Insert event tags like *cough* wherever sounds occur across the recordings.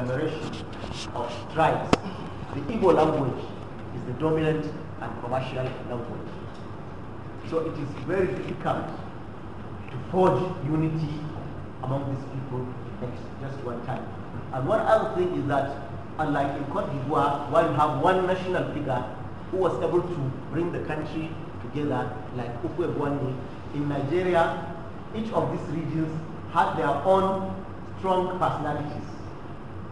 agglomeration of tribes, the Igbo language is the dominant and commercial language. So it is very difficult to forge unity among these people just one time. And one other thing is that unlike in Cote d'Ivoire, where you have one national figure who was able to bring the country together like Ukwebwani, in Nigeria, each of these regions had their own strong personalities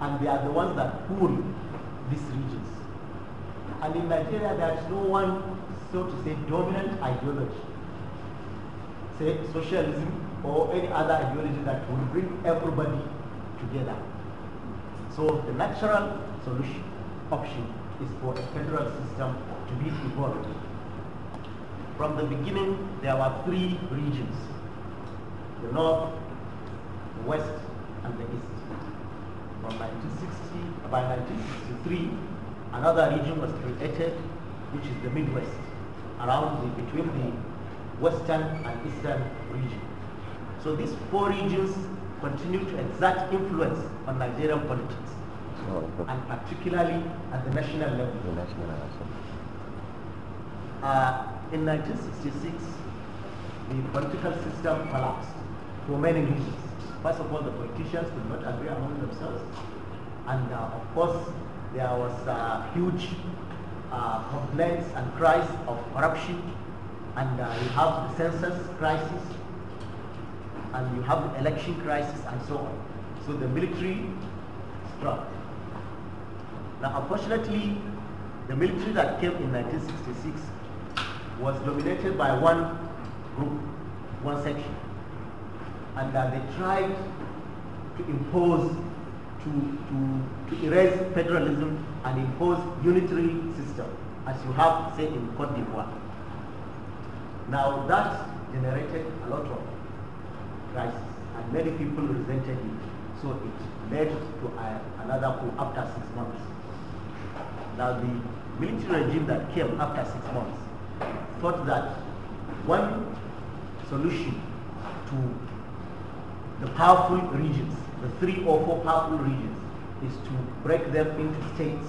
and they are the ones that pull these regions. And in Nigeria, there is no one, so to say, dominant ideology, say socialism or any other ideology that will bring everybody together. So the natural solution option is for a federal system to be evolved. From the beginning, there were three regions, the north, the west, and the east from 1960, by 1963, another region was created, which is the Midwest, around the, between the Western and Eastern region. So these four regions continue to exert influence on Nigerian politics, oh, and particularly at the national level. The national level. Uh, in 1966, the political system collapsed many reasons. First of all, the politicians could not agree among themselves. And uh, of course, there was uh, huge uh, complaints and cries of corruption. And uh, you have the census crisis. And you have the election crisis and so on. So the military struck. Now, unfortunately, the military that came in 1966 was dominated by one group, one section and that they tried to impose, to, to, to erase federalism and impose unitary system, as you have, say, in Cote d'Ivoire. Now that generated a lot of crisis, and many people resented it. So it led to a, uh, another coup after six months. Now the military regime that came after six months thought that one solution to the powerful regions, the three or four powerful regions, is to break them into states.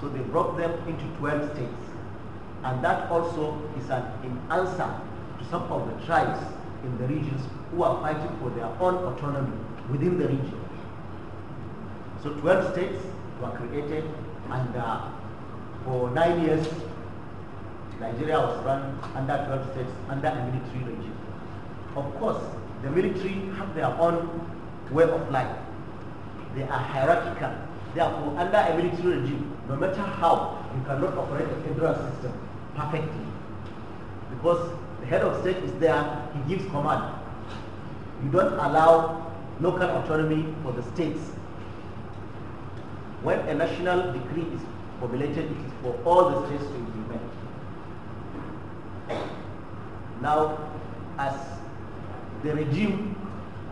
So they broke them into 12 states. And that also is an, an answer to some of the tribes in the regions who are fighting for their own autonomy within the region. So 12 states were created and uh, for nine years Nigeria was run under 12 states under a military regime. Of course, the military have their own way of life. They are hierarchical. Therefore, under a military regime, no matter how, you cannot operate a federal system perfectly. Because the head of state is there, he gives command. You don't allow local autonomy for the states. When a national decree is formulated, it is for all the states to implement. Now, as the regime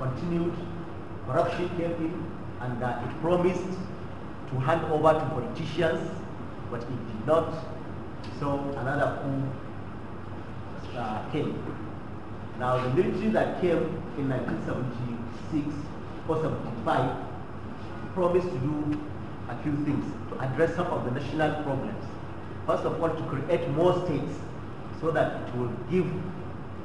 continued, corruption came in, and uh, it promised to hand over to politicians, but it did not. So another coup uh, came. Now the military that came in 1976 or 75 promised to do a few things to address some of the national problems. First of all, to create more states so that it will give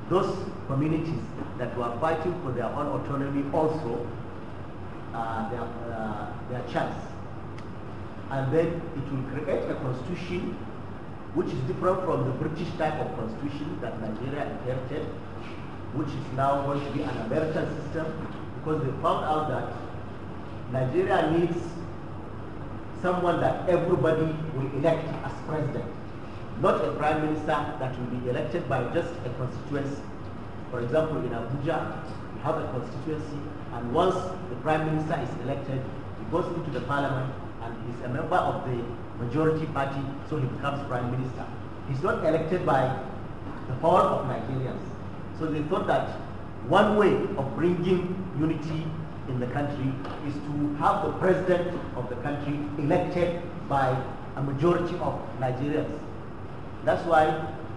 those communities that were fighting for their own autonomy also uh, their, uh, their chance. And then it will create a constitution which is different from the British type of constitution that Nigeria inherited, which is now going to be an American system because they found out that Nigeria needs someone that everybody will elect as president not a prime minister that will be elected by just a constituency. For example, in Abuja, we have a constituency, and once the prime minister is elected, he goes into the parliament and is a member of the majority party, so he becomes prime minister. He's not elected by the power of Nigerians. So they thought that one way of bringing unity in the country is to have the president of the country elected by a majority of Nigerians. That's why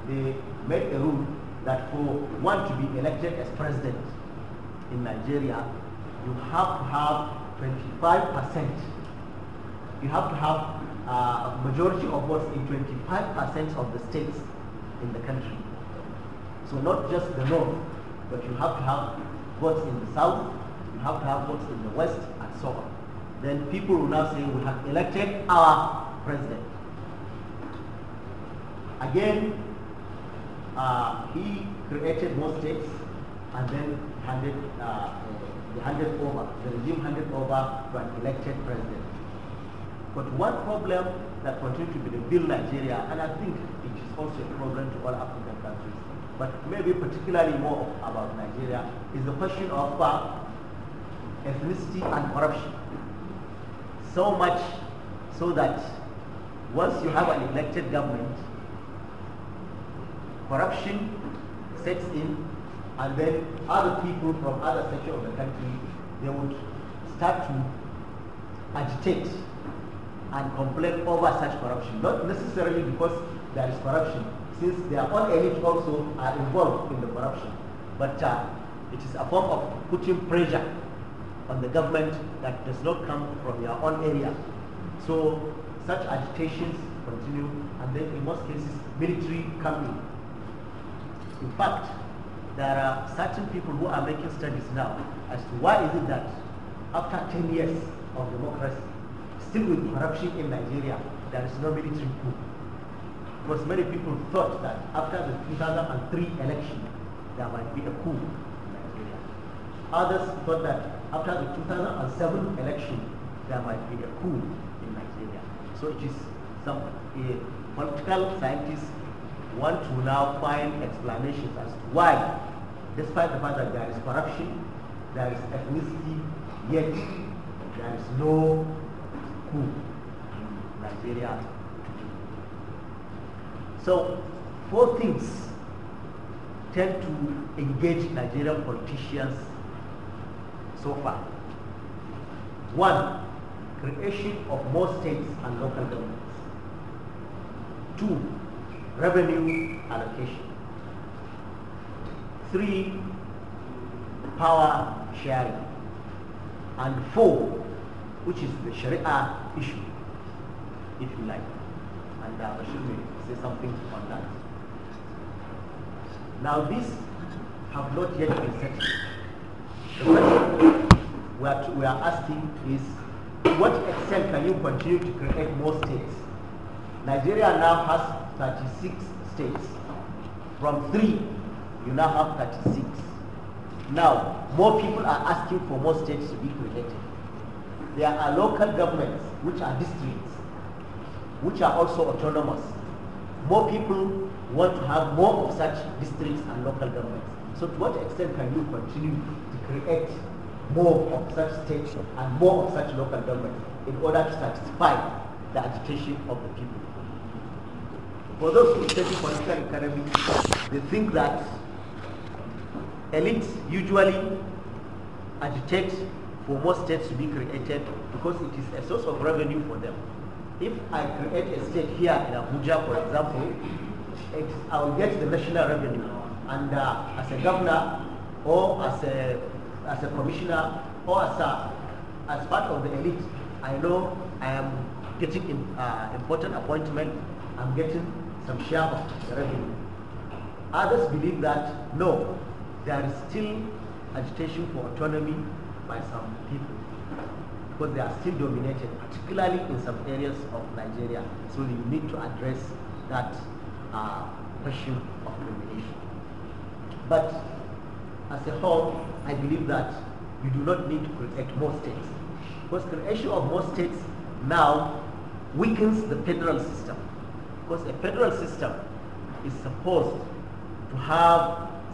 they made a rule that for one to be elected as president in Nigeria, you have to have 25%. You have to have uh, a majority of votes in 25% of the states in the country. So not just the north, but you have to have votes in the south, you have to have votes in the west, and so on. Then people will now say, we have elected our president. Again, uh, he created more states and then handed, uh, uh, handed over, the regime handed over to an elected president. But one problem that continues to be the big Nigeria, and I think it is also a problem to all African countries, but maybe particularly more about Nigeria, is the question of uh, ethnicity and corruption. So much so that once you have an elected government, corruption sets in and then other people from other sections of the country, they would start to agitate and complain over such corruption. Not necessarily because there is corruption, since their own elite also are involved in the corruption. But uh, it is a form of putting pressure on the government that does not come from your own area. So such agitations continue and then in most cases military coming. In fact, there are certain people who are making studies now as to why is it that after 10 years of democracy, still with corruption in Nigeria, there is no military coup. Because many people thought that after the 2003 election, there might be a coup in Nigeria. Others thought that after the 2007 election, there might be a coup in Nigeria. So it is some uh, political scientists want to now find explanations as to why, despite the fact that there is corruption, there is ethnicity, yet there is no coup in Nigeria So, four things tend to engage Nigerian politicians so far. One, creation of more states and local governments. Two, revenue allocation. Three, power sharing. And four, which is the Sharia issue, if you like. And uh, should we say something on that. Now these have not yet been settled. The question we are asking is, to what extent can you continue to create more states? Nigeria now has 36 states. From 3, you now have 36. Now, more people are asking for more states to be created. There are local governments, which are districts, which are also autonomous. More people want to have more of such districts and local governments. So to what extent can you continue to create more of such states and more of such local governments in order to satisfy the agitation of the people? for those who study political economy, they think that elites usually agitate for more states to be created because it is a source of revenue for them. If I create a state here in Abuja, for example, I will get the national revenue. And uh, as a governor or as a, as a commissioner or as, a, as part of the elite, I know I am getting uh, important appointment, I'm getting some share of revenue. Others believe that no, there is still agitation for autonomy by some people because they are still dominated, particularly in some areas of Nigeria. So you need to address that uh, question of domination. But as a whole, I believe that you do not need to create more states because creation of more states now weakens the federal system because a federal system is supposed to have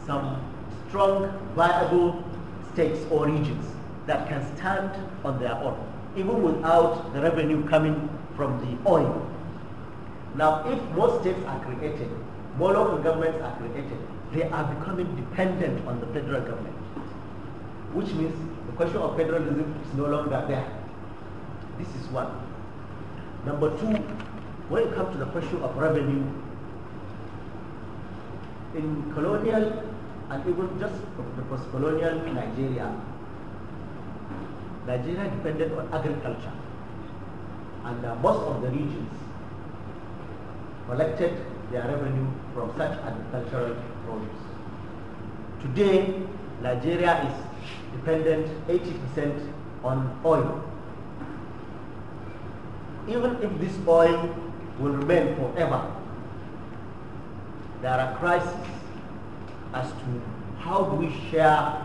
some strong, viable states or regions that can stand on their own, even without the revenue coming from the oil. Now, if more states are created, more local governments are created, they are becoming dependent on the federal government, which means the question of federalism is no longer there. This is one. Number two, when it comes to the question of revenue in colonial and even just the post-colonial Nigeria, Nigeria depended on agriculture and uh, most of the regions collected their revenue from such agricultural produce. Today, Nigeria is dependent 80% on oil. Even if this oil will remain forever. There are crises as to how do we share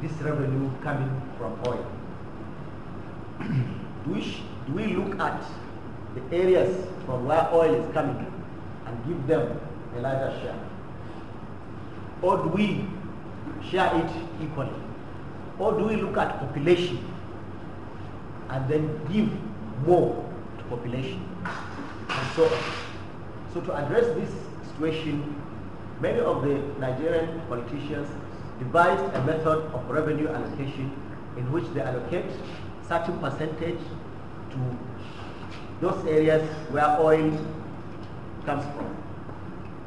this revenue coming from oil. *clears throat* do, we do we look at the areas from where oil is coming and give them a larger share? Or do we share it equally? Or do we look at population and then give more to population? and so on. So to address this situation, many of the Nigerian politicians devised a method of revenue allocation in which they allocate certain percentage to those areas where oil comes from.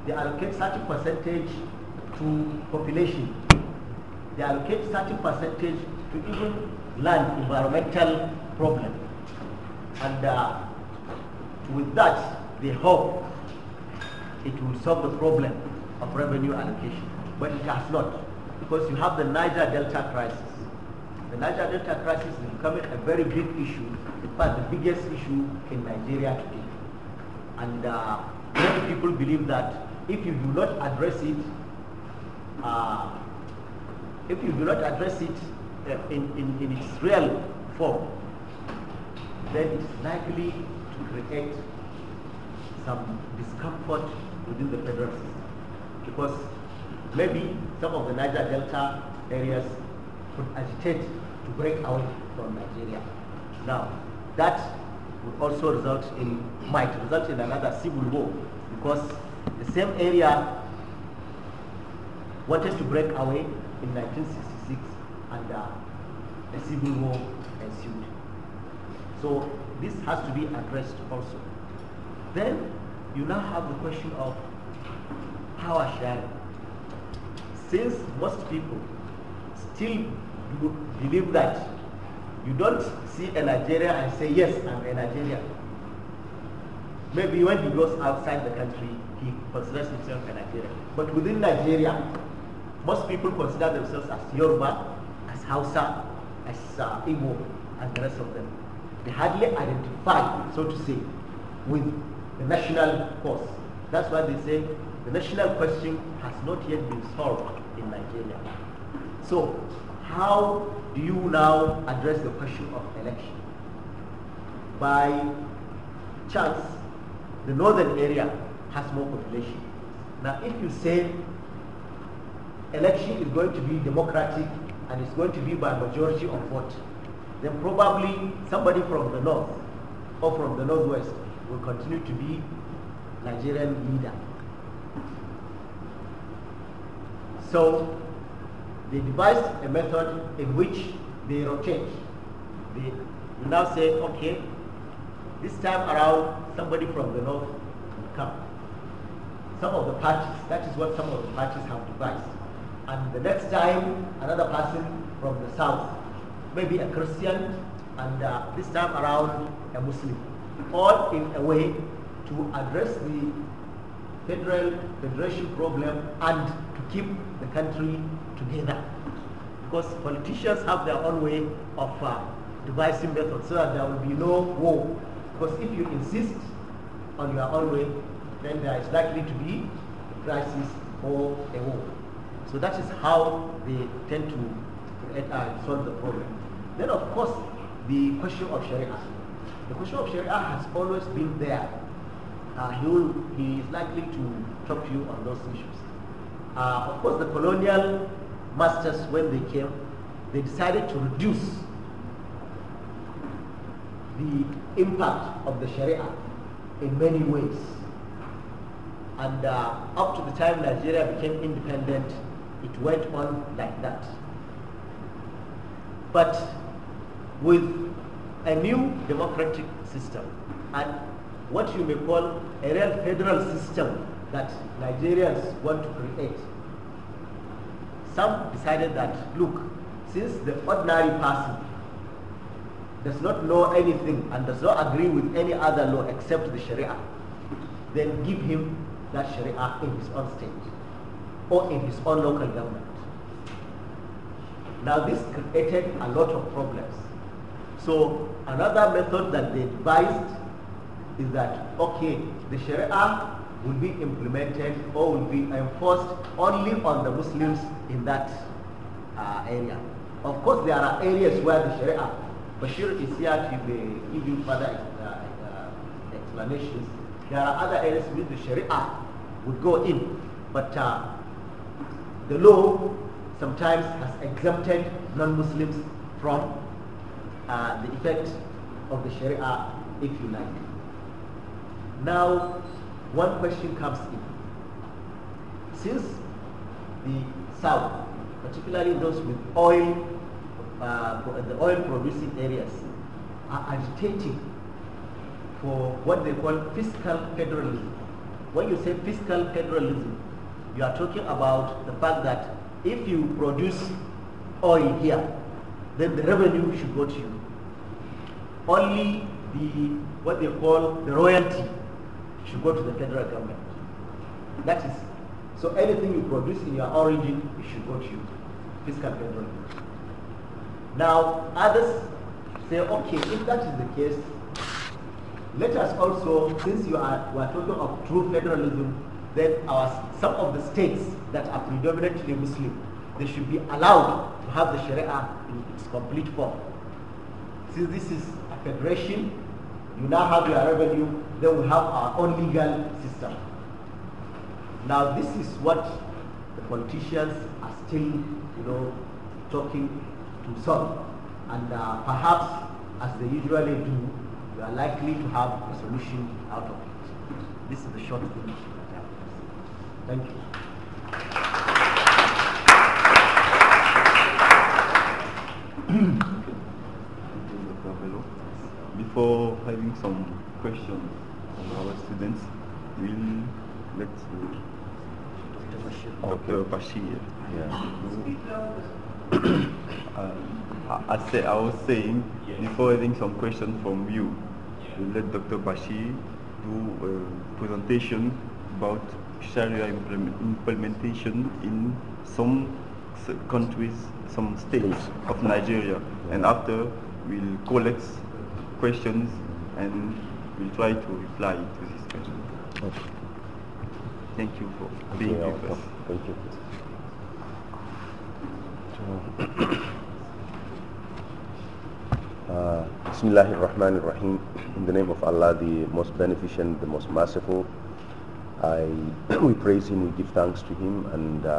They allocate certain percentage to population. They allocate certain percentage to even land environmental problem. And uh, with that, they hope it will solve the problem of revenue allocation. But it has not, because you have the Niger Delta crisis. The Niger Delta crisis is becoming a very big issue, but the biggest issue in Nigeria today. And uh, many people believe that if you do not address it, uh, if you do not address it uh, in, in, in its real form, then it's likely to create some discomfort within the federal system because maybe some of the Niger Delta areas could agitate to break out from Nigeria. Now, that would also result in, might result in another civil war because the same area wanted to break away in 1966 and uh, a civil war ensued. So this has to be addressed also. Then you now have the question of power sharing. Since most people still believe that you don't see a Nigerian and say, yes, I'm a Nigerian. Maybe when he goes outside the country, he considers himself a Nigerian. But within Nigeria, most people consider themselves as Yoruba, as Hausa, as uh, Igbo, and the rest of them. They hardly identify, so to say, with the national cause. That's why they say the national question has not yet been solved in Nigeria. So how do you now address the question of election? By chance, the northern area has more population. Now if you say election is going to be democratic and it's going to be by majority of vote, then probably somebody from the north or from the northwest will continue to be Nigerian leader. So they devised a method in which they rotate. They will now say, okay, this time around somebody from the north will come. Some of the parties, that is what some of the parties have devised. And the next time another person from the south maybe a Christian, and uh, this time around a Muslim, all in a way to address the federal federation problem and to keep the country together. Because politicians have their own way of uh, devising methods so that there will be no war. Because if you insist on your own way, then there is likely to be a crisis or a war. So that is how they tend to uh, solve the problem. Then of course, the question of Sharia. The question of Sharia has always been there. Uh, he, will, he is likely to talk to you on those issues. Uh, of course, the colonial masters, when they came, they decided to reduce the impact of the Sharia in many ways. And uh, up to the time Nigeria became independent, it went on like that. But with a new democratic system and what you may call a real federal system that Nigerians want to create. Some decided that, look, since the ordinary person does not know anything and does not agree with any other law except the Sharia, then give him that Sharia in his own state or in his own local government. Now this created a lot of problems so another method that they devised is that, okay, the Sharia will be implemented or will be enforced only on the Muslims in that uh, area. Of course, there are areas where the Sharia, Bashir is here to uh, give you further uh, uh, explanations. There are other areas where the Sharia would go in, but uh, the law sometimes has exempted non-Muslims from uh, the effect of the Sharia, if you like. Now, one question comes in. Since the South, particularly those with oil, uh, uh the oil-producing areas, are agitating for what they call fiscal federalism. When you say fiscal federalism, you are talking about the fact that if you produce oil here, then the revenue should go to you only the what they call the royalty should go to the federal government. That is, so anything you produce in your origin, it should go to you, fiscal federal. Now, others say, okay, if that is the case, let us also, since you are, we are talking of true federalism, then our, some of the states that are predominantly Muslim, they should be allowed to have the Sharia in its complete form. Since this is federation, you now have your revenue, then we have our own legal system. Now this is what the politicians are still, you know, talking to some. And uh, perhaps, as they usually do, they are likely to have a solution out of it. This is the short thing. Thank you. Mm-hmm. *clears throat* before having some questions from our students, we'll let Dr. Bashir. Yeah. um, *coughs* I, I, I was saying, before having some questions from you, we'll let Dr. Bashir do a presentation about Sharia implement, implementation in some countries, some states of Nigeria. And after, we'll collect questions and we'll try to reply to these questions. Okay. Thank you for okay, being with us. Thank you. Uh, Rahim. In the name of Allah, the most beneficent, the most merciful. I *clears throat* we praise Him, we give thanks to Him, and uh,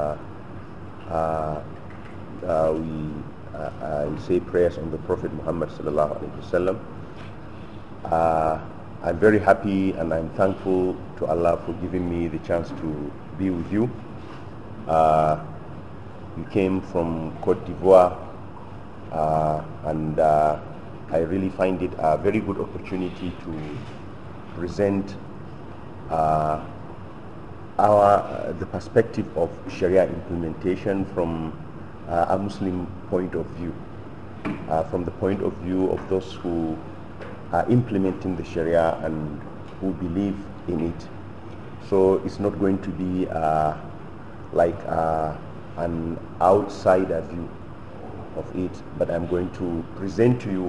uh, uh, uh, uh we, say prayers on the Prophet Muhammad sallallahu alaihi wasallam. Uh, I'm very happy and I'm thankful to Allah for giving me the chance to be with you. Uh, you came from Cote d'Ivoire uh, and uh, I really find it a very good opportunity to present uh, our, uh, the perspective of Sharia implementation from a Muslim point of view, from the point of view of those who are implementing the Sharia and who believe in it. So it's not going to be uh, like uh, an outsider view of it, but I'm going to present to you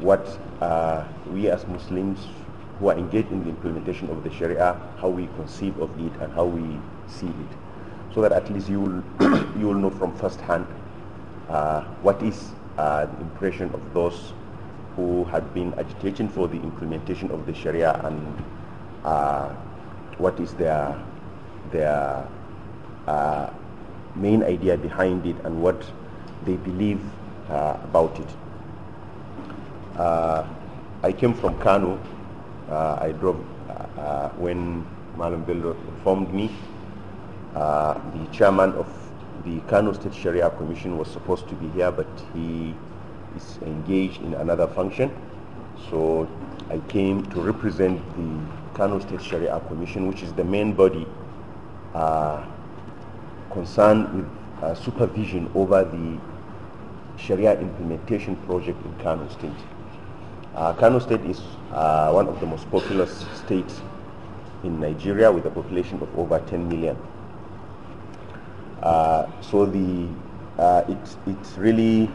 what uh, we as Muslims who are engaged in the implementation of the Sharia, how we conceive of it and how we see it. So that at least you will, *coughs* you will know from first hand uh, what is uh, the impression of those who had been agitating for the implementation of the Sharia and uh, what is their, their uh, main idea behind it and what they believe uh, about it. Uh, I came from Kano. Uh, I drove uh, when Malam Bello informed me. the chairman of the Kano State Sharia Commission was supposed to be here, but he is engaged in another function. So I came to represent the Kano State Sharia Commission, which is the main body uh, concerned with uh, supervision over the Sharia implementation project in Kano State. Uh, Kano State is uh, one of the most populous states in Nigeria with a population of over 10 million. Uh, so the, it, uh, it really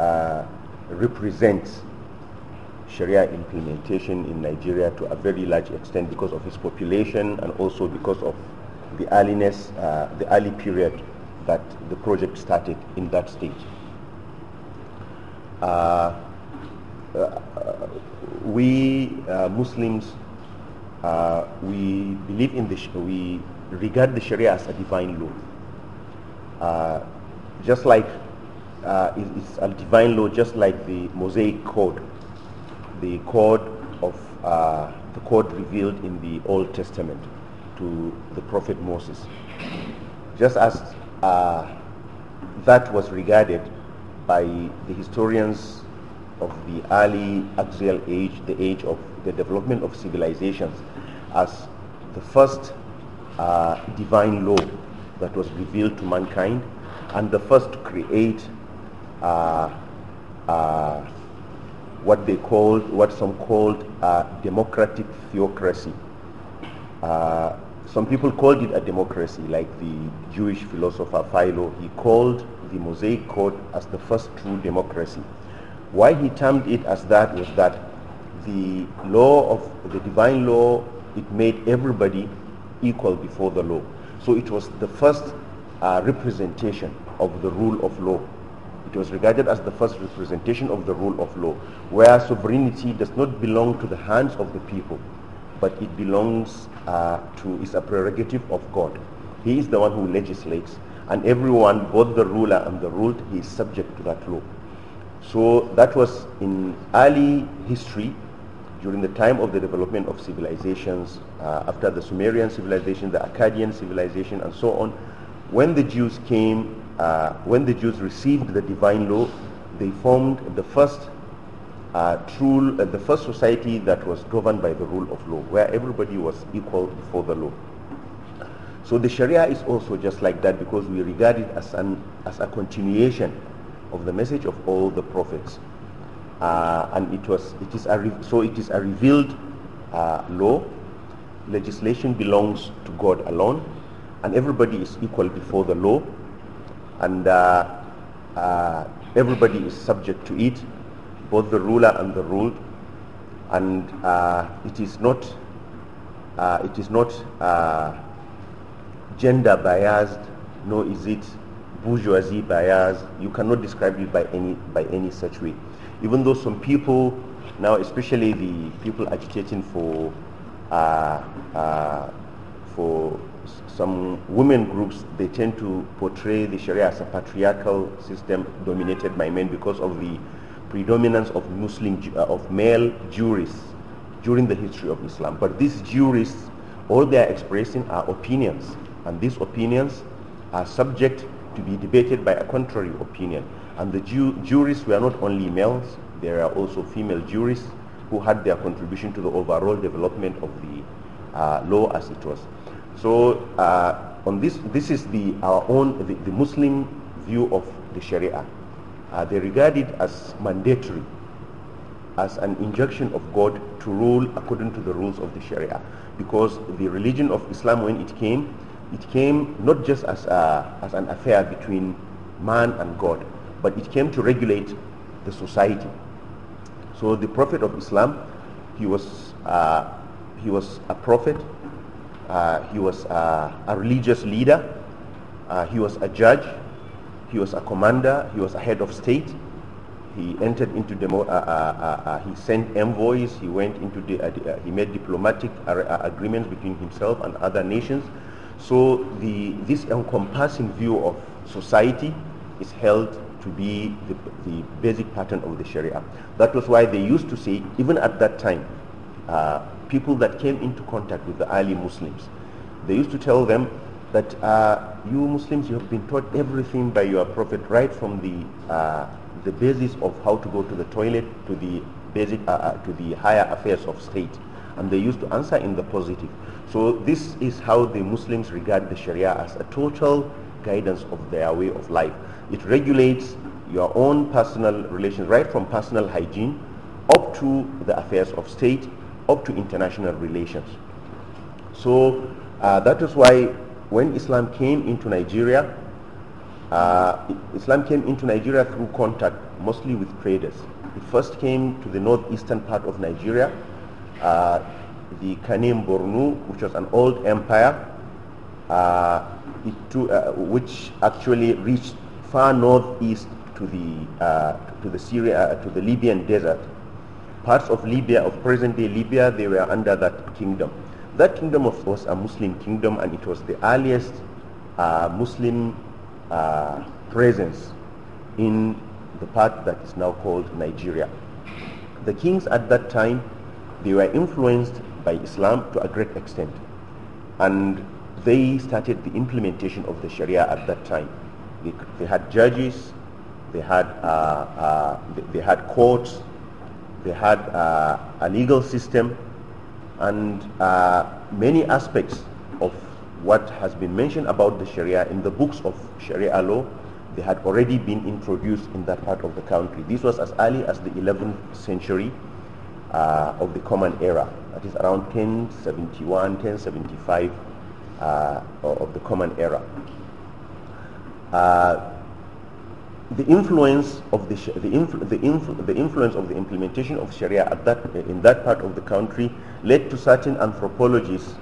uh, represents Sharia implementation in Nigeria to a very large extent because of its population and also because of the earliness, uh, the early period that the project started in that stage. Uh, uh we uh, Muslims, we believe in the, we regard the Sharia as a divine law. just like uh, is, is, a divine law just like the Mosaic Code, the code of uh, the code revealed in the Old Testament to the prophet Moses. Just as uh, that was regarded by the historians of the early axial age, the age of the development of civilizations, as the first uh, divine law that was revealed to mankind and the first to create uh, uh, what they called, what some called democratic theocracy. Uh, some people called it a democracy, like the Jewish philosopher Philo. He called the Mosaic Code as the first true democracy. Why he termed it as that was that the law of the divine law, it made everybody equal before the law. So it was the first uh, representation of the rule of law it was regarded as the first representation of the rule of law, where sovereignty does not belong to the hands of the people, but it belongs uh, to, is a prerogative of God. He is the one who legislates, and everyone, both the ruler and the ruled, he is subject to that law. So that was in early history, during the time of the development of civilizations, uh, after the Sumerian civilization, the Akkadian civilization, and so on, when the Jews came uh, when the Jews received the divine law, they formed the first uh, true, uh, the first society that was governed by the rule of law, where everybody was equal before the law. So the Sharia is also just like that because we regard it as, an, as a continuation of the message of all the prophets. Uh, and it was, it is a so it is a revealed uh, law. Legislation belongs to God alone and everybody is equal before the law and uh, uh, everybody is subject to it, both the ruler and the ruled. And uh, it is not, it is not gender biased, nor is it bourgeoisie biased. You cannot describe it by any, by any such way. Even though some people now, especially the people agitating for, uh, uh, for some women groups, they tend to portray the Sharia as a patriarchal system dominated by men because of the predominance of Muslim, uh, of male jurists during the history of Islam. But these jurists, all they are expressing are opinions. And these opinions are subject to be debated by a contrary opinion. And the ju jurists were not only males, there are also female jurists who had their contribution to the overall development of the uh, law as it was. So uh, on this, this is the our own the, the Muslim view of the Sharia. Uh, they regard it as mandatory, as an injunction of God to rule according to the rules of the Sharia, because the religion of Islam, when it came, it came not just as a, as an affair between man and God, but it came to regulate the society. So the Prophet of Islam, he was uh, he was a prophet uh, he was uh, a religious leader. Uh, he was a judge. He was a commander. He was a head of state. He entered into demo, he sent envoys. He went into the, he made diplomatic agreements between himself and other nations. So the, this encompassing view of society is held to be the, the, basic pattern of the Sharia. That was why they used to say, even at that time, uh, people that came into contact with the early Muslims. They used to tell them that uh, you Muslims, you have been taught everything by your prophet right from the, uh, the basis of how to go to the toilet to the, basic, uh, uh, to the higher affairs of state. And they used to answer in the positive. So this is how the Muslims regard the Sharia as a total guidance of their way of life. It regulates your own personal relations right from personal hygiene up to the affairs of state up to international relations. So uh, that is why when Islam came into Nigeria, uh, Islam came into Nigeria through contact, mostly with traders. It first came to the northeastern part of Nigeria, uh, the Kanem Bornu, which was an old empire, uh, to, uh, which actually reached far northeast to the, uh, to the, Syria, to the Libyan desert parts of Libya, of present-day Libya, they were under that kingdom. That kingdom, of course, a Muslim kingdom, and it was the earliest uh, Muslim uh, presence in the part that is now called Nigeria. The kings at that time, they were influenced by Islam to a great extent. And they started the implementation of the Sharia at that time. They, they had judges, they had, uh, uh they, they had courts, they had uh, a legal system and uh, many aspects of what has been mentioned about the Sharia in the books of Sharia law, they had already been introduced in that part of the country. This was as early as the 11th century uh, of the Common Era. That is around 1071, 1075 uh, of the Common Era. Uh, the influence of the the, the, the, influence of the implementation of Sharia that, in that part of the country led to certain anthropologists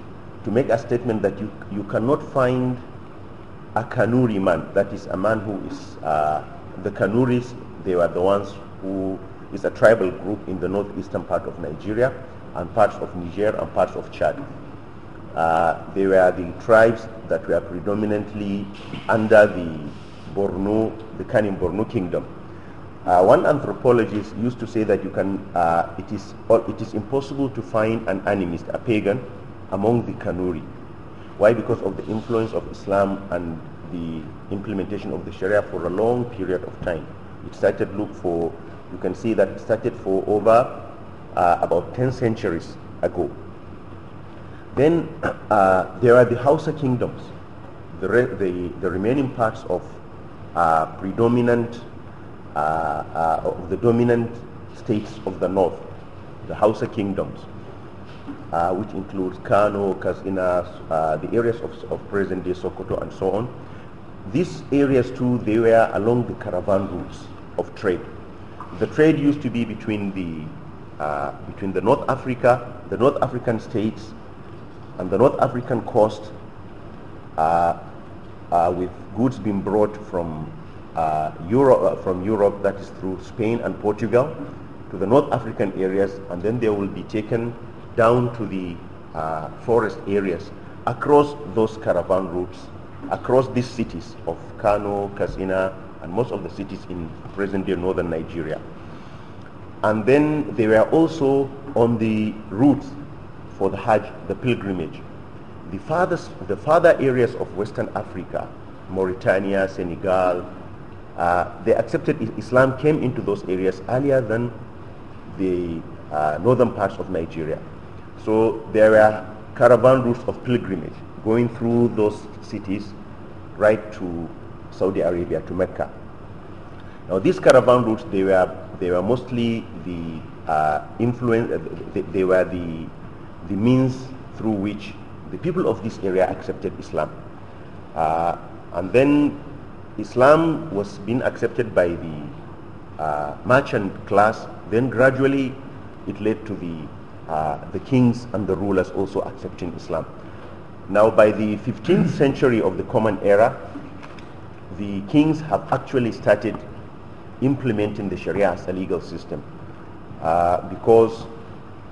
to make a statement that you you cannot find a Kanuri man, that is a man who is uh, the Kanuris. They were the ones who is a tribal group in the northeastern part of Nigeria and parts of Niger and parts of Chad. Uh, they were the tribes that were predominantly under the Borno, the Khan Borno kingdom. Uh, one anthropologist used to say that you can, uh, it, is, it is impossible to find an animist, a pagan, among the Kanuri. Why? Because of the influence of Islam and the implementation of the Sharia for a long period of time. It started, look for, you can see that it started for over uh, about 10 centuries ago. Then *coughs* uh, there are the Hausa kingdoms, the, the, the remaining parts of uh, predominant, uh, uh, of the dominant states of the north, the Hausa kingdoms, uh, which includes Kano, Katsina, the areas of, of present-day Sokoto and so on. These areas too, they were along the caravan routes of trade. The trade used to be between the uh, between the North Africa, the North African states, and the North African coast, uh, uh, with goods being brought from, uh, Europe, uh, from Europe, that is through Spain and Portugal, to the North African areas, and then they will be taken down to the uh, forest areas across those caravan routes, across these cities of Kano, Kasina, and most of the cities in present-day northern Nigeria. And then they were also on the routes for the Hajj, the pilgrimage the farthest, the farther areas of Western Africa, Mauritania, Senegal, uh, they accepted Islam came into those areas earlier than the uh, northern parts of Nigeria. So there were caravan routes of pilgrimage going through those cities right to Saudi Arabia, to Mecca. Now these caravan routes, they were, they were mostly the uh, influence, uh, they, they were the, the means through which the people of this area accepted Islam. Uh, and then Islam was being accepted by the uh, merchant class. Then gradually it led to the, uh, the kings and the rulers also accepting Islam. Now by the 15th century of the Common Era, the kings have actually started implementing the Sharia as a legal system uh, because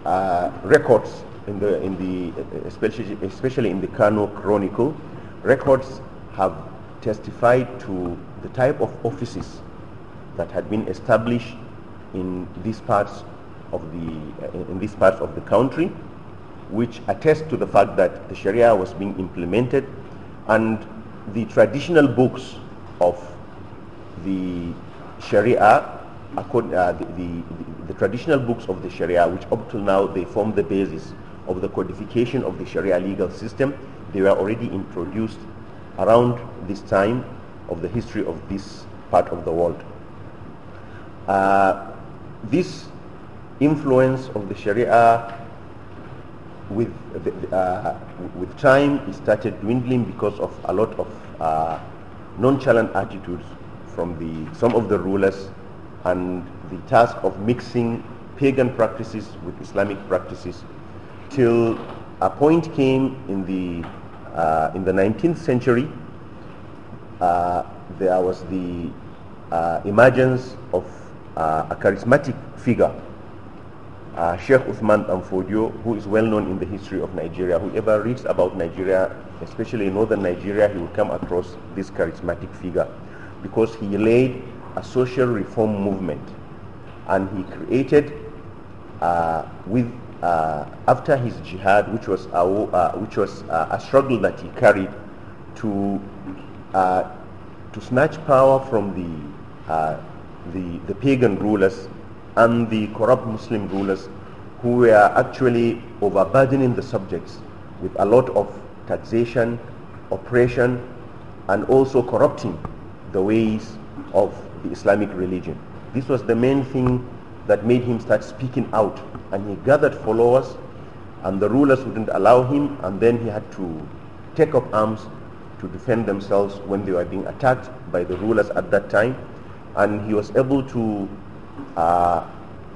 uh, records in the, in the especially, especially in the Kano Chronicle, records have testified to the type of offices that had been established in these parts of the, in these parts of the country, which attest to the fact that the Sharia was being implemented and the traditional books of the Sharia, uh, the, the, the, the traditional books of the Sharia, which up till now they form the basis of the codification of the Sharia legal system. They were already introduced around this time of the history of this part of the world. Uh, this influence of the Sharia with, the, uh, with time it started dwindling because of a lot of uh, nonchalant attitudes from the, some of the rulers and the task of mixing pagan practices with Islamic practices till a point came in the, uh, in the 19th century, uh, there was the uh, emergence of uh, a charismatic figure, uh, Sheikh Uthman Amfodio, who is well known in the history of Nigeria. Whoever reads about Nigeria, especially in northern Nigeria, he will come across this charismatic figure because he led a social reform movement and he created uh, with uh, after his jihad, which was, a, uh, which was uh, a struggle that he carried to, to snatch power from the, the, the pagan rulers and the corrupt Muslim rulers who were actually overburdening the subjects with a lot of taxation, oppression, and also corrupting the ways of the Islamic religion. This was the main thing that made him start speaking out and he gathered followers and the rulers wouldn't allow him and then he had to take up arms to defend themselves when they were being attacked by the rulers at that time and he was able to uh,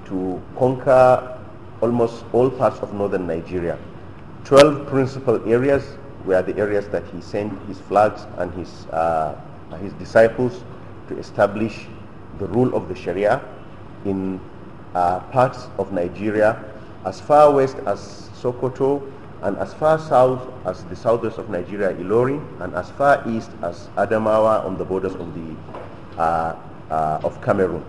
to conquer almost all parts of northern Nigeria 12 principal areas were the areas that he sent his flags and his uh, his disciples to establish the rule of the Sharia in uh, parts of Nigeria, as far west as Sokoto, and as far south as the southwest of Nigeria, Ilori, and as far east as Adamawa on the borders of, the, uh, uh, of Cameroon.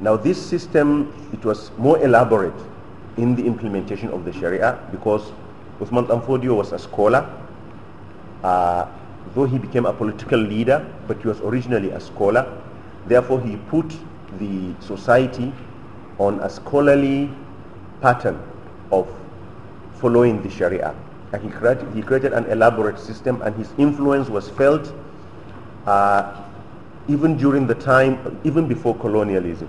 Now this system, it was more elaborate in the implementation of the Sharia because Uthman Amfodio was a scholar, uh, though he became a political leader, but he was originally a scholar. Therefore, he put the society on a scholarly pattern of following the Sharia. And he, created, he created an elaborate system and his influence was felt uh, even during the time, even before colonialism.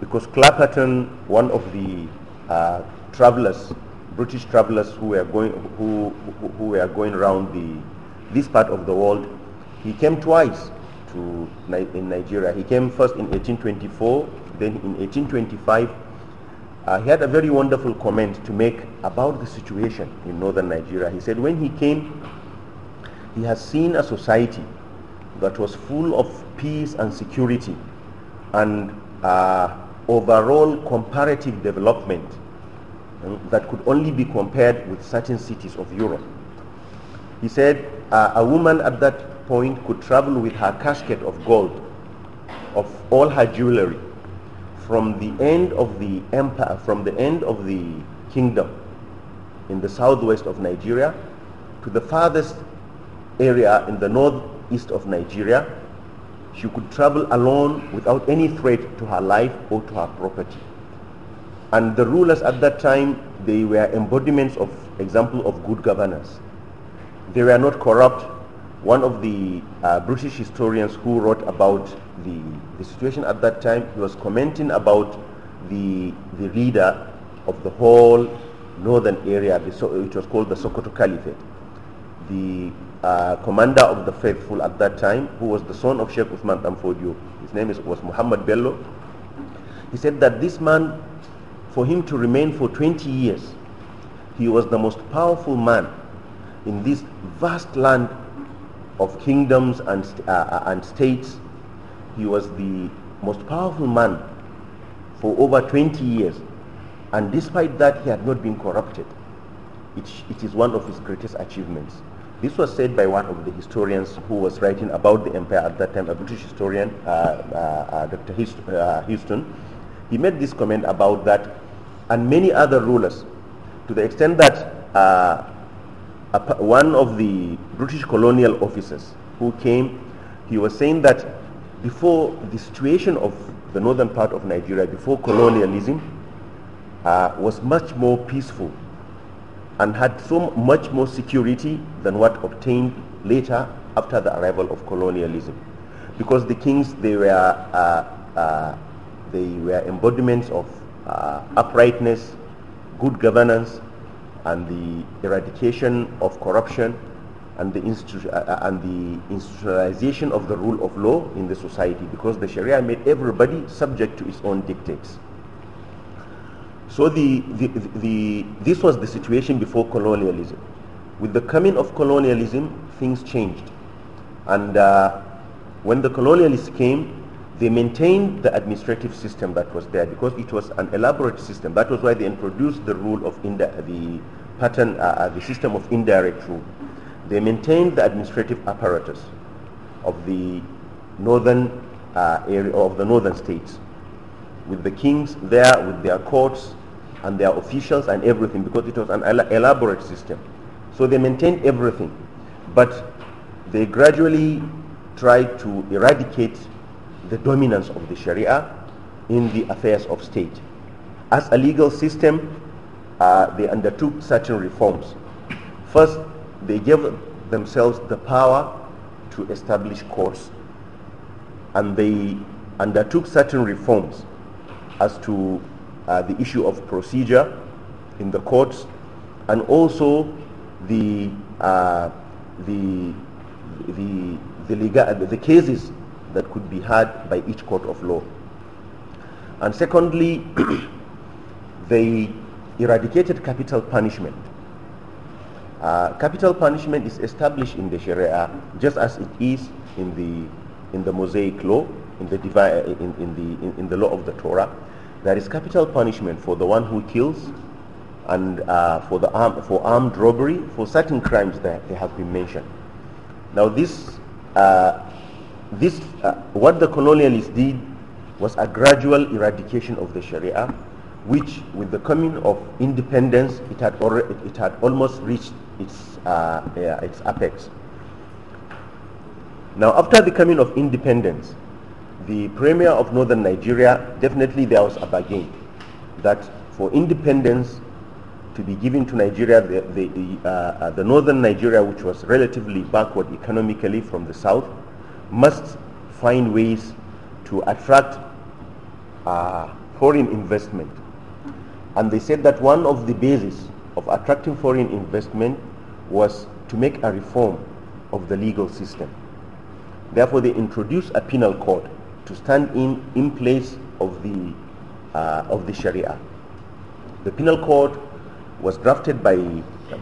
Because Clapperton, one of the uh, travelers, British travelers who were going, who, who, who were going around the, this part of the world, he came twice to in Nigeria. He came first in 1824, then in 1825. Uh, he had a very wonderful comment to make about the situation in northern Nigeria. He said when he came, he has seen a society that was full of peace and security and uh, overall comparative development um, that could only be compared with certain cities of Europe. He said uh, a woman at that point could travel with her casket of gold of all her jewelry from the end of the empire, from the end of the kingdom in the southwest of Nigeria to the farthest area in the northeast of Nigeria, she could travel alone without any threat to her life or to her property. And the rulers at that time, they were embodiments of example of good governance. They were not corrupt, one of the uh, British historians who wrote about the, the situation at that time, he was commenting about the, the leader of the whole northern area, which was called the Sokoto Caliphate. The uh, commander of the faithful at that time, who was the son of Sheikh Uthman Tamfodio, his name is, was Muhammad Bello, he said that this man, for him to remain for 20 years, he was the most powerful man in this vast land of kingdoms and, uh, uh, and states. He was the most powerful man for over 20 years. And despite that, he had not been corrupted. It, it is one of his greatest achievements. This was said by one of the historians who was writing about the empire at that time, a British historian, uh, uh, uh Dr. Uh, Houston. He made this comment about that and many other rulers to the extent that uh, one of the British colonial officers who came, he was saying that before the situation of the northern part of Nigeria, before colonialism, uh, was much more peaceful and had so much more security than what obtained later after the arrival of colonialism. Because the kings, they were, uh, uh, they were embodiments of uh, uprightness, good governance, and the eradication of corruption and the, uh, uh, and the institutionalization of the rule of law in the society because the Sharia made everybody subject to its own dictates. So the, the, the, this was the situation before colonialism. With the coming of colonialism, things changed. And uh, when the colonialists came, they maintained the administrative system that was there because it was an elaborate system. That was why they introduced the rule of the pattern, uh, uh, the system of indirect rule. They maintained the administrative apparatus of the northern uh, area of the northern states, with the kings there, with their courts and their officials and everything, because it was an elaborate system. So they maintained everything, but they gradually tried to eradicate the dominance of the Sharia in the affairs of state. As a legal system, uh, they undertook certain reforms. First, they gave themselves the power to establish courts and they undertook certain reforms as to uh, the issue of procedure in the courts and also the uh, the the the, legal, the cases that could be had by each court of law. And secondly, *clears throat* they eradicated capital punishment. Uh, capital punishment is established in the Sharia just as it is in the in the Mosaic law, in the uh, in, in the in, in, the law of the Torah. There is capital punishment for the one who kills, and uh, for the arm, for armed robbery, for certain crimes that they have been mentioned. Now this uh, this, uh, what the colonialists did was a gradual eradication of the Sharia, which with the coming of independence, it had, already, it had almost reached its, uh, yeah, uh, its apex. Now, after the coming of independence, the premier of northern Nigeria, definitely there was a bargain that for independence to be given to Nigeria, the, the, uh, uh the northern Nigeria, which was relatively backward economically from the south, must find ways to attract uh, foreign investment. And they said that one of the bases of attracting foreign investment was to make a reform of the legal system. Therefore, they introduced a penal code to stand in, in place of the, uh, of the Sharia. The penal code was drafted by,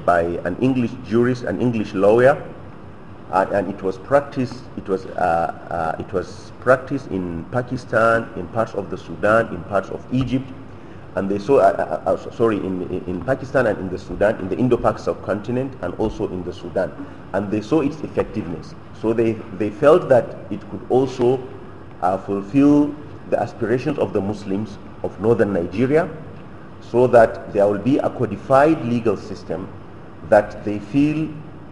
by an English jurist, an English lawyer, and, uh, and it was practiced it was uh, uh, it was practiced in Pakistan in parts of the Sudan in parts of Egypt and they saw uh, uh, uh sorry in in Pakistan and in the Sudan in the Indo-Pak subcontinent and also in the Sudan and they saw its effectiveness so they they felt that it could also fulfill the aspirations of the Muslims of northern Nigeria so that there will be a codified legal system that they feel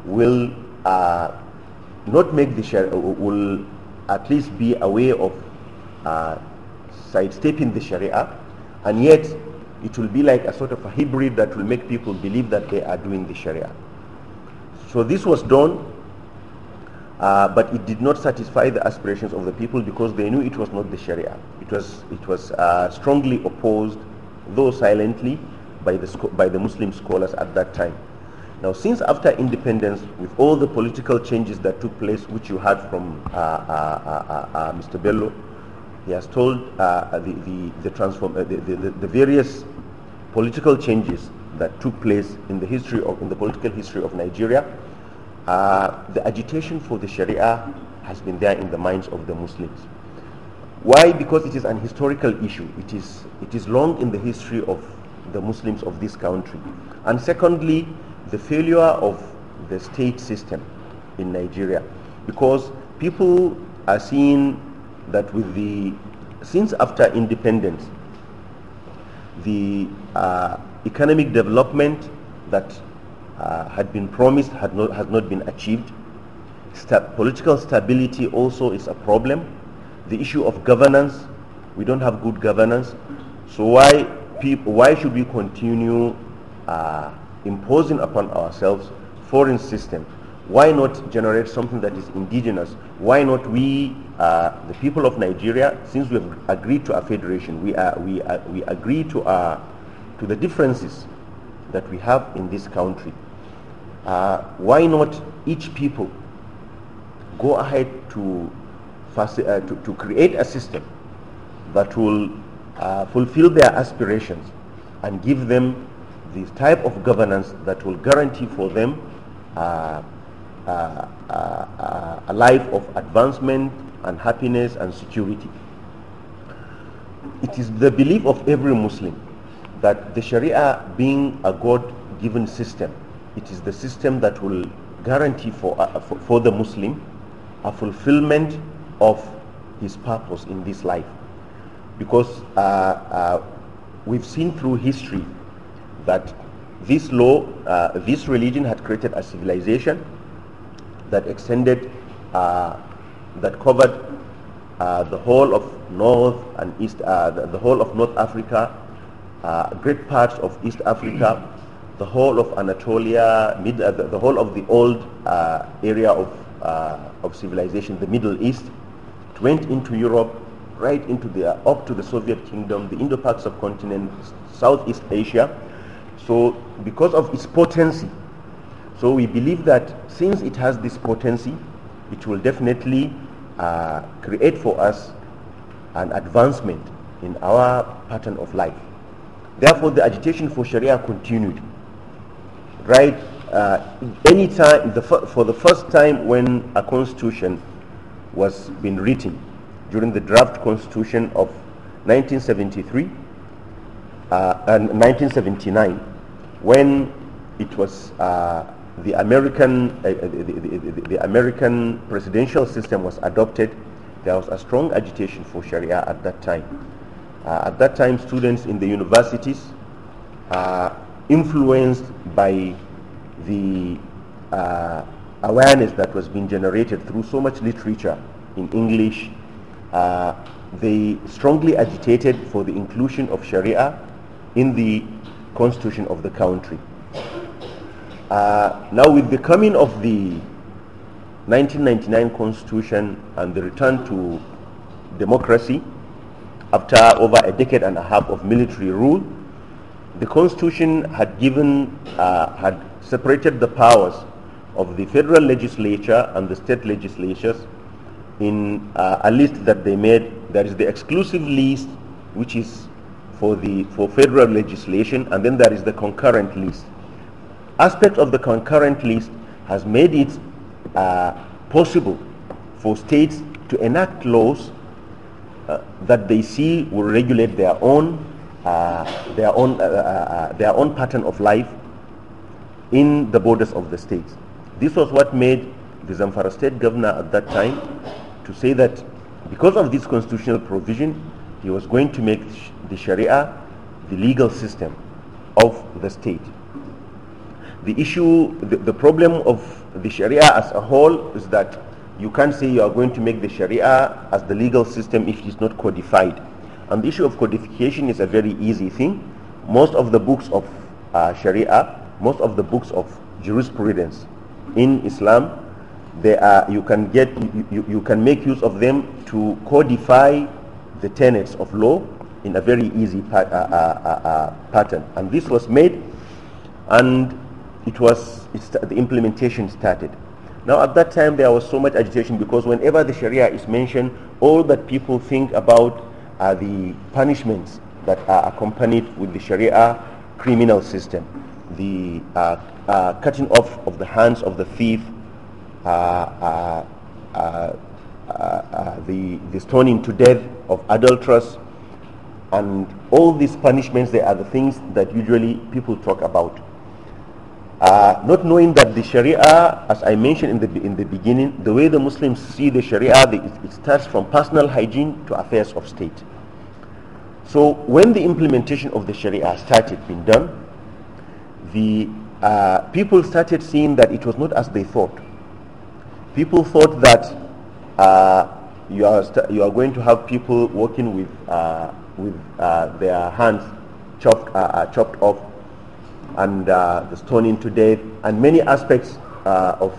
will uh, not make the Sharia, will at least be a way of uh, sidestepping the Sharia and yet it will be like a sort of a hybrid that will make people believe that they are doing the Sharia. So this was done uh, but it did not satisfy the aspirations of the people because they knew it was not the Sharia. It was, it was uh, strongly opposed, though silently, by the, by the Muslim scholars at that time. Now, since after independence, with all the political changes that took place, which you heard from uh, uh, uh, uh, uh Mr. Bello, he has told the, the, the, transform, the, the, the various political changes that took place in the history of, in the political history of Nigeria, uh, the agitation for the Sharia has been there in the minds of the Muslims. Why? Because it is an historical issue. It is, it is long in the history of the Muslims of this country. And secondly, the failure of the state system in Nigeria because people are seeing that with the since after independence the uh, economic development that uh, had been promised had not, has not been achieved. Sta political stability also is a problem. The issue of governance, we don't have good governance. So why, people, why should we continue uh, imposing upon ourselves foreign system why not generate something that is indigenous? Why not we, uh, the people of Nigeria, since we have agreed to a federation, we, are, we, are, we agree to, our, to the differences that we have in this country. Uh, why not each people go ahead to, uh, to, to, create a system that will uh, fulfill their aspirations and give them the type of governance that will guarantee for them uh uh, uh, uh, a life of advancement and happiness and security. It is the belief of every Muslim that the Sharia being a God-given system, it is the system that will guarantee for, uh, for, for the Muslim a fulfillment of his purpose in this life. Because uh, uh, we've seen through history that this law, uh, this religion had created a civilization that extended, uh, that covered uh, the whole of North and East, uh, the, the, whole of North Africa, uh, great parts of East Africa, the whole of Anatolia, mid, uh, the, the, whole of the old area of, of civilization, the Middle East. It went into Europe, right into the, up to the Soviet Kingdom, the Indo-Pak subcontinent, Southeast Asia, so because of its potency, so we believe that since it has this potency, it will definitely uh, create for us an advancement in our pattern of life. Therefore, the agitation for Sharia continued. Right? Uh, any time, the for the first time when a constitution was being written, during the draft constitution of 1973 uh, and 1979, when it was uh, the American uh, uh the, the, the, American presidential system was adopted, there was a strong agitation for Sharia at that time. Uh, at that time, students in the universities, uh, influenced by the uh, awareness that was being generated through so much literature in English, they strongly agitated for the inclusion of Sharia in the constitution of the country. Uh, now with the coming of the 1999 constitution and the return to democracy after over a decade and a half of military rule, the constitution had given, uh, had separated the powers of the federal legislature and the state legislatures in uh, a list that they made. That is the exclusive list, which is for the for federal legislation and then there is the concurrent list aspect of the concurrent list has made it uh, possible for states to enact laws uh, that they see will regulate their own uh, their own uh, uh, uh, their own pattern of life in the borders of the states this was what made the Zamfara state governor at that time to say that because of this constitutional provision he was going to make the Sharia the legal system of the state. The issue, the, the problem of the Sharia as a whole is that you can't say you are going to make the Sharia as the legal system if it is not codified. And the issue of codification is a very easy thing. Most of the books of uh, Sharia, most of the books of jurisprudence in Islam, they are, you can get, you, you, you can make use of them to codify the tenets of law in a very easy uh, uh, uh, uh, pattern. And this was made and it was the implementation started. Now at that time there was so much agitation because whenever the Sharia is mentioned, all that people think about are the punishments that are accompanied with the Sharia criminal system. The uh, uh, cutting off of the hands of the thief, uh, uh, uh, the, the stoning to death of adulterers and all these punishments they are the things that usually people talk about uh, not knowing that the sharia as i mentioned in the, in the beginning the way the muslims see the sharia the, it, it starts from personal hygiene to affairs of state so when the implementation of the sharia started being done the uh, people started seeing that it was not as they thought people thought that uh, you, are you are going to have people working with, uh, with uh, their hands chopped, uh, chopped off and the stoning to death and many aspects of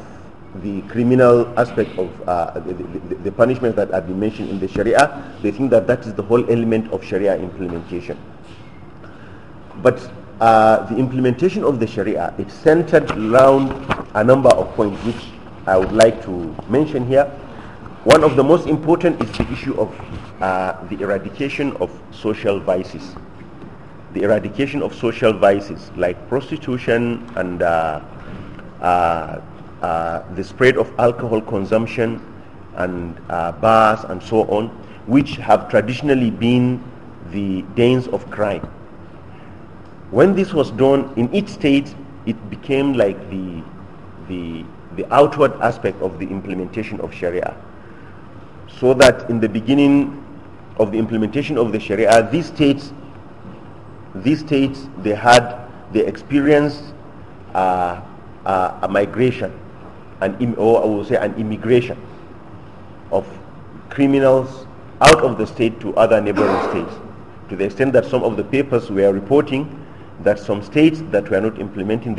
the criminal aspect of uh, the, the, the, punishment that have been mentioned in the Sharia, they think that that is the whole element of Sharia implementation. But uh, the implementation of the Sharia, it's centered around a number of points which I would like to mention here. One of the most important is the issue of uh, the eradication of social vices. The eradication of social vices like prostitution and uh, uh, uh the spread of alcohol consumption and uh, bars and so on, which have traditionally been the danes of crime. When this was done in each state, it became like the, the, the outward aspect of the implementation of Sharia so that in the beginning of the implementation of the Sharia, these states, these states, they had, they experienced uh, uh, a migration, an or I will say an immigration of criminals out of the state to other neighboring states, to the extent that some of the papers were reporting that some states that were not implementing